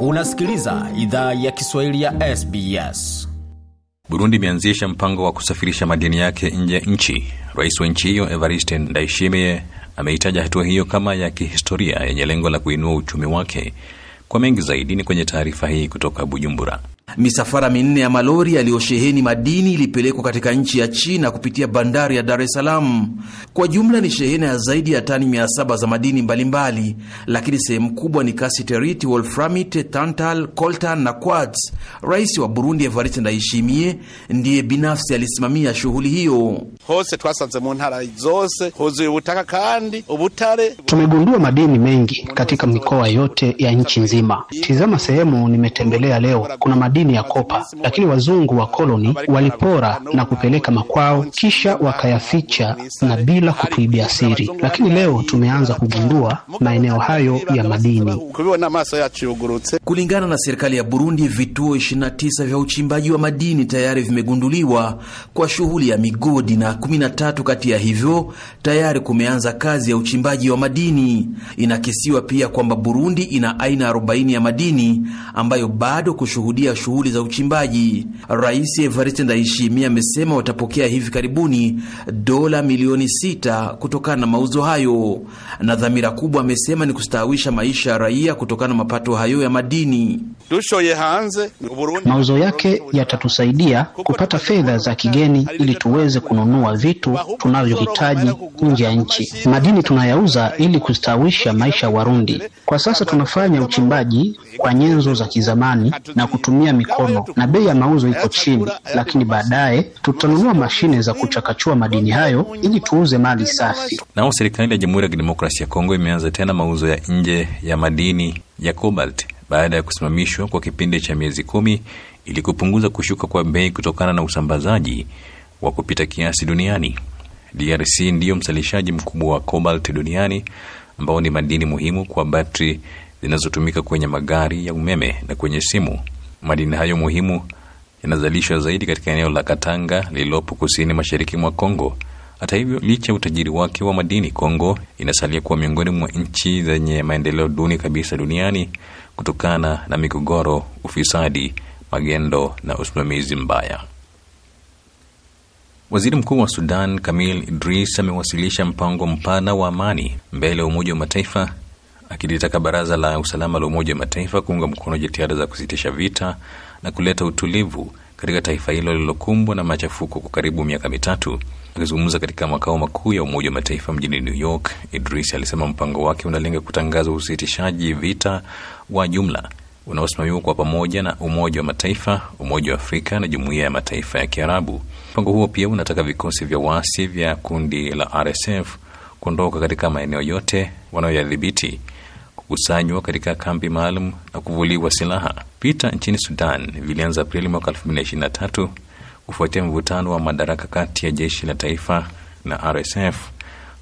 Unasikiliza idhaa ya Kiswahili ya SBS. Burundi imeanzisha mpango wa kusafirisha madini yake nje ya nchi. Rais wa nchi hiyo Evariste ndaishimie ameitaja hatua hiyo kama ya kihistoria yenye lengo la kuinua uchumi wake. Kwa mengi zaidi ni kwenye taarifa hii kutoka Bujumbura. Misafara minne ya malori yaliyosheheni madini ilipelekwa katika nchi ya China kupitia bandari ya Dar es Salaam. Kwa jumla ni shehena ya zaidi ya tani 700 za madini mbalimbali mbali, lakini sehemu kubwa ni kasiterit, wolframite, tantal, coltan na quartz. Rais wa Burundi Evariste Ndayishimiye ndiye binafsi alisimamia shughuli hiyo. hose twasanze mu ntara zose huzuye ubutaka kandi ubutare. Tumegundua madini mengi katika mikoa yote ya nchi nzima. Tizama sehemu nimetembelea leo, kuna madini madini ya kopa, lakini wazungu wa koloni walipora na kupeleka makwao, kisha wakayaficha na bila kutuibia siri. Lakini leo tumeanza kugundua maeneo hayo ya madini. Kulingana na serikali ya Burundi, vituo 29 vya uchimbaji wa madini tayari vimegunduliwa kwa shughuli ya migodi na 13 kati ya hivyo tayari kumeanza kazi ya uchimbaji wa madini. Inakisiwa pia kwamba Burundi ina aina 40 ya madini ambayo bado kushuhudia shughuli za uchimbaji. Rais Evariste Ndayishimiye amesema watapokea hivi karibuni dola milioni sita kutokana na mauzo hayo, na dhamira kubwa amesema ni kustawisha maisha ya raia kutokana na mapato hayo ya madini. Mauzo yake yatatusaidia kupata fedha za kigeni ili tuweze kununua vitu tunavyohitaji nje ya nchi. Madini tunayauza ili kustawisha maisha ya Warundi. Kwa sasa tunafanya uchimbaji kwa nyenzo za kizamani na kutumia mikono, na bei ya mauzo iko chini, lakini baadaye tutanunua mashine za kuchakachua madini hayo ili tuuze mali safi. Nao serikali ya Jamhuri ya Kidemokrasia ya Kongo imeanza tena mauzo ya nje ya madini ya cobalt baada ya kusimamishwa kwa kipindi cha miezi kumi ili kupunguza kushuka kwa bei kutokana na usambazaji wa kupita kiasi duniani. DRC ndiyo mzalishaji mkubwa wa cobalt duniani ambao ni madini muhimu kwa batri zinazotumika kwenye magari ya umeme na kwenye simu. Madini hayo muhimu yanazalishwa zaidi katika eneo la Katanga lililopo kusini mashariki mwa Kongo hata hivyo, licha ya utajiri wake wa madini, Kongo inasalia kuwa miongoni mwa nchi zenye maendeleo duni kabisa duniani kutokana na migogoro, ufisadi, magendo na usimamizi mbaya. Waziri Mkuu wa Sudan Kamil Idris amewasilisha mpango mpana wa amani mbele ya Umoja wa Mataifa akilitaka Baraza la Usalama la Umoja wa Mataifa kuunga mkono jitihada za kusitisha vita na kuleta utulivu katika taifa hilo lililokumbwa na machafuko kwa karibu miaka mitatu. Akizungumza katika makao makuu ya Umoja wa Mataifa mjini New York, Idris alisema mpango wake unalenga kutangaza usitishaji vita wa jumla unaosimamiwa kwa pamoja na Umoja wa Mataifa, Umoja wa Afrika na Jumuiya ya Mataifa ya Kiarabu. Mpango huo pia unataka vikosi vya waasi vya kundi la RSF kuondoka katika maeneo yote wanayoyadhibiti kukusanywa katika kambi maalum na kuvuliwa silaha. Vita nchini Sudan vilianza Aprili mwaka 2023 kufuatia mvutano wa madaraka kati ya jeshi la taifa na RSF,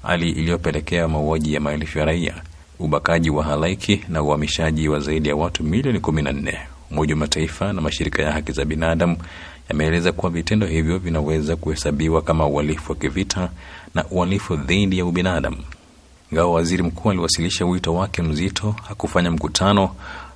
hali iliyopelekea mauaji ya maelfu ya raia, ubakaji wa halaiki na uhamishaji wa zaidi ya watu milioni 14. Umoja wa Mataifa na mashirika ya haki za binadamu yameeleza kuwa vitendo hivyo vinaweza kuhesabiwa kama uhalifu wa kivita na uhalifu dhidi ya ubinadamu ingawa waziri mkuu aliwasilisha wito wake mzito hakufanya mkutano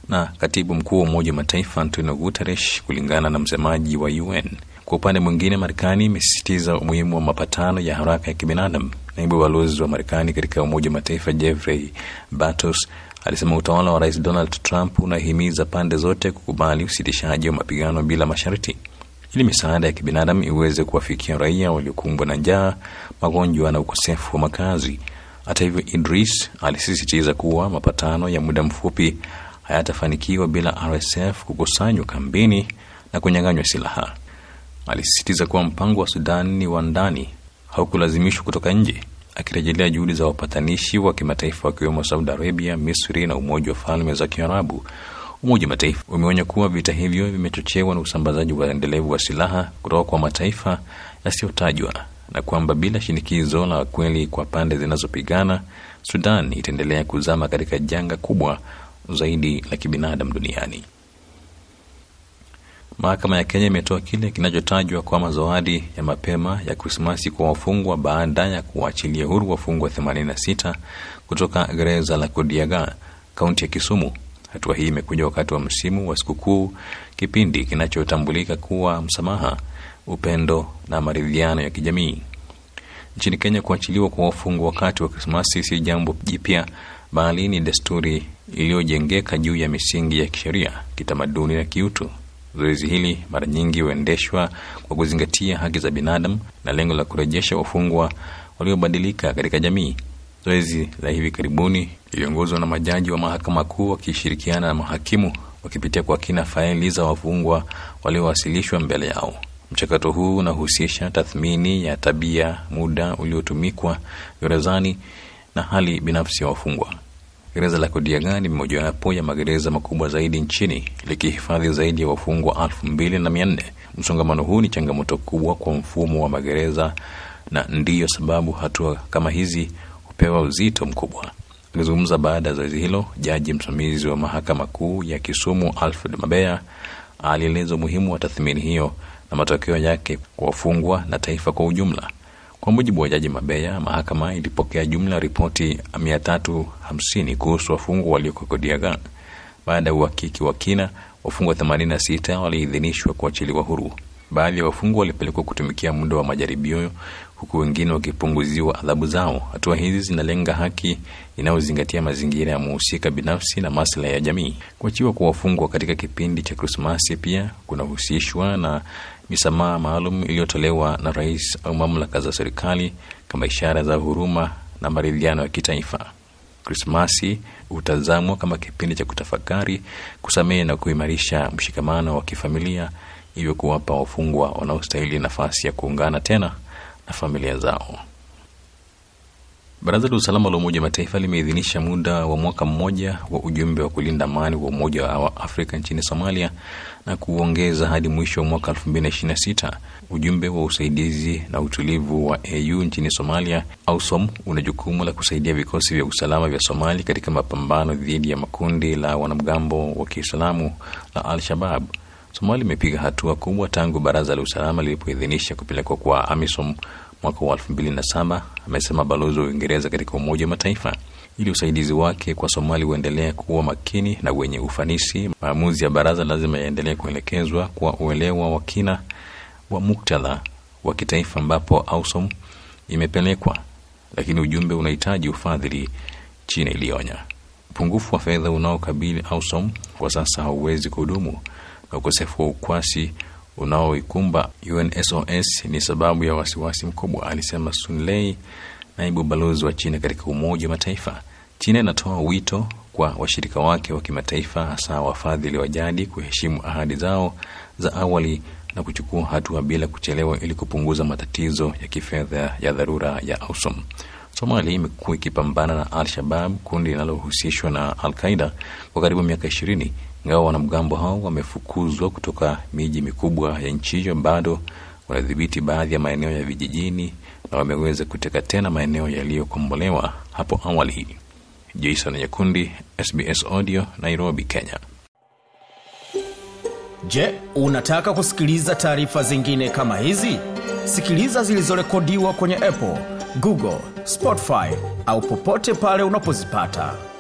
na katibu mkuu wa Umoja wa Mataifa Antonio Guterres, kulingana na msemaji wa UN. Kwa upande mwingine, Marekani imesisitiza umuhimu wa mapatano ya haraka ya kibinadamu. Naibu balozi wa Marekani katika Umoja wa Mataifa Jeffrey Batos alisema utawala wa Rais Donald Trump unahimiza pande zote kukubali usitishaji wa mapigano bila masharti ili misaada ya kibinadamu iweze kuwafikia raia waliokumbwa na njaa, magonjwa na ukosefu wa makazi. Hata hivyo, Idris alisisitiza kuwa mapatano ya muda mfupi hayatafanikiwa bila RSF kukusanywa kambini na kunyang'anywa silaha. Alisisitiza kuwa mpango wa Sudan ni wa ndani, haukulazimishwa kutoka nje, akirejelea juhudi za wapatanishi wa kimataifa wakiwemo Saudi Arabia, Misri na Umoja wa Falme za Kiarabu. Umoja wa Mataifa umeonya kuwa vita hivyo vimechochewa na usambazaji wa endelevu wa silaha kutoka kwa mataifa yasiyotajwa na kwamba bila shinikizo la kweli kwa pande zinazopigana, Sudan itaendelea kuzama katika janga kubwa zaidi la kibinadamu duniani. Mahakama ya Kenya imetoa kile kinachotajwa kama zawadi ya mapema ya Krismasi kwa wafungwa baada ya kuwaachilia huru wafungwa 86 kutoka gereza la Kodiaga, kaunti ya Kisumu. Hatua hii imekuja wakati wa msimu wa sikukuu, kipindi kinachotambulika kuwa msamaha upendo na maridhiano ya kijamii. Nchini Kenya, kuachiliwa kwa wafungwa wakati wa Krismasi si jambo jipya, bali ni desturi iliyojengeka juu ya misingi ya kisheria, kitamaduni na kiutu. Zoezi hili mara nyingi huendeshwa kwa kuzingatia haki za binadamu na lengo la kurejesha wafungwa waliobadilika katika jamii. Zoezi la hivi karibuni liliongozwa na majaji wa mahakama kuu wakishirikiana na mahakimu, wakipitia kwa kina faili za wafungwa waliowasilishwa mbele yao. Mchakato huu unahusisha tathmini ya tabia, muda uliotumikwa gerezani na hali binafsi ya wafungwa. Gereza la Kodiaga ni mojawapo ya magereza makubwa zaidi nchini likihifadhi zaidi ya wafungwa elfu mbili na mia nne. Msongamano huu ni changamoto kubwa kwa mfumo wa magereza na ndiyo sababu hatua kama hizi hupewa uzito mkubwa. Akizungumza baada ya zoezi hilo, jaji msimamizi wa mahakama kuu ya Kisumu Alfred Mabea alieleza umuhimu wa tathmini hiyo na matokeo yake kwa wafungwa na taifa kwa ujumla. Kwa mujibu wa Jaji Mabeya, mahakama ilipokea jumla ripoti 350 kuhusu wafungwa walioko Kodiagan. Baada ya uhakiki wa kina, wafungwa 86 waliidhinishwa kuachiliwa huru. Baadhi ya wafungwa walipelekwa kutumikia muda wa majaribio, huku wengine wakipunguziwa adhabu zao. Hatua hizi zinalenga haki inayozingatia mazingira ya muhusika binafsi na maslahi ya jamii. Kuachiwa kwa wafungwa katika kipindi cha Krismasi pia kunahusishwa na misamaha maalum iliyotolewa na rais au mamlaka za serikali kama ishara za huruma na maridhiano ya kitaifa. Krismasi hutazamwa kama kipindi cha kutafakari, kusamehe na kuimarisha mshikamano wa kifamilia, hivyo kuwapa wafungwa wanaostahili nafasi ya kuungana tena na familia zao. Baraza la Usalama la Umoja wa Mataifa limeidhinisha muda wa mwaka mmoja wa ujumbe wa kulinda amani wa Umoja wa Afrika nchini Somalia na kuongeza hadi mwisho wa mwaka 2026. Ujumbe wa usaidizi na utulivu wa AU nchini Somalia, AUSOM, una jukumu la kusaidia vikosi vya usalama vya Somali katika mapambano dhidi ya makundi la wanamgambo wa Kiislamu la Al-Shabab. Somalia imepiga hatua kubwa tangu Baraza la Usalama lilipoidhinisha kupelekwa kwa AMISOM mwaka wa 2007 amesema balozi wa Uingereza katika Umoja wa Mataifa ili usaidizi wake kwa Somali uendelee kuwa makini na wenye ufanisi. Maamuzi ya baraza lazima yaendelee kuelekezwa kwa uelewa wa kina wa muktadha wa kitaifa ambapo AUSOM imepelekwa, lakini ujumbe unahitaji ufadhili, China ilionya. Upungufu wa fedha unaokabili AUSOM kwa sasa hauwezi kudumu na ukosefu wa ukwasi unaoikumba UNSOS ni sababu ya wasiwasi mkubwa, alisema Sun Lei, naibu balozi wa China katika Umoja wa Mataifa. China inatoa wito kwa washirika wake wa kimataifa, hasa wafadhili wa jadi, kuheshimu ahadi zao za awali na kuchukua hatua bila kuchelewa ili kupunguza matatizo ya kifedha ya dharura ya AUSOM. Somalia imekuwa ikipambana na Al-Shabab, kundi linalohusishwa na Al-Qaida, kwa karibu miaka ishirini ingawa wanamgambo hao wamefukuzwa kutoka miji mikubwa ya nchi hiyo, bado wanadhibiti baadhi ya maeneo ya vijijini na wameweza kuteka tena maeneo yaliyokombolewa hapo awali. Jason Nyakundi, SBS Audio, Nairobi, Kenya. Je, unataka kusikiliza taarifa zingine kama hizi? Sikiliza zilizorekodiwa kwenye Apple, Google, Spotify au popote pale unapozipata.